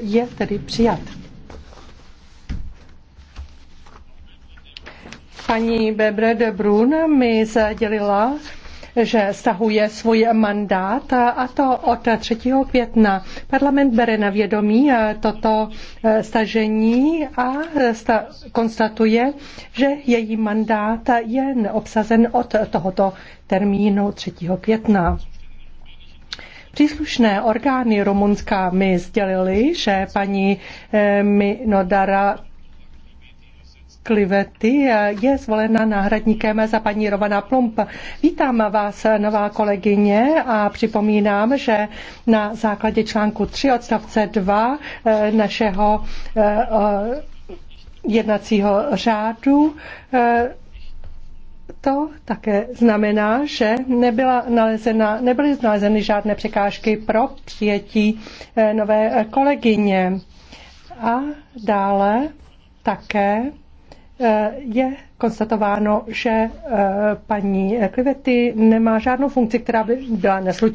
je tedy přijat. Paní Bebre de Brun mi sdělila, že stahuje svůj mandát a to od 3. května. Parlament bere na vědomí eh, toto eh, stažení a eh, sta- konstatuje, že její mandát je obsazen od tohoto termínu 3. května. Příslušné orgány Rumunska mi sdělili, že paní eh, Minodara Klivety eh, je zvolena náhradníkem za paní Rovana Plump. Vítám vás, nová kolegyně, a připomínám, že na základě článku 3 odstavce 2 eh, našeho jednacího řádu to také znamená, že nebyla nalezena, nebyly nalezeny žádné překážky pro přijetí eh, nové eh, kolegyně. A dále také eh, je konstatováno, že paní Klivety nemá žádnou funkci, která by byla neslučitelná.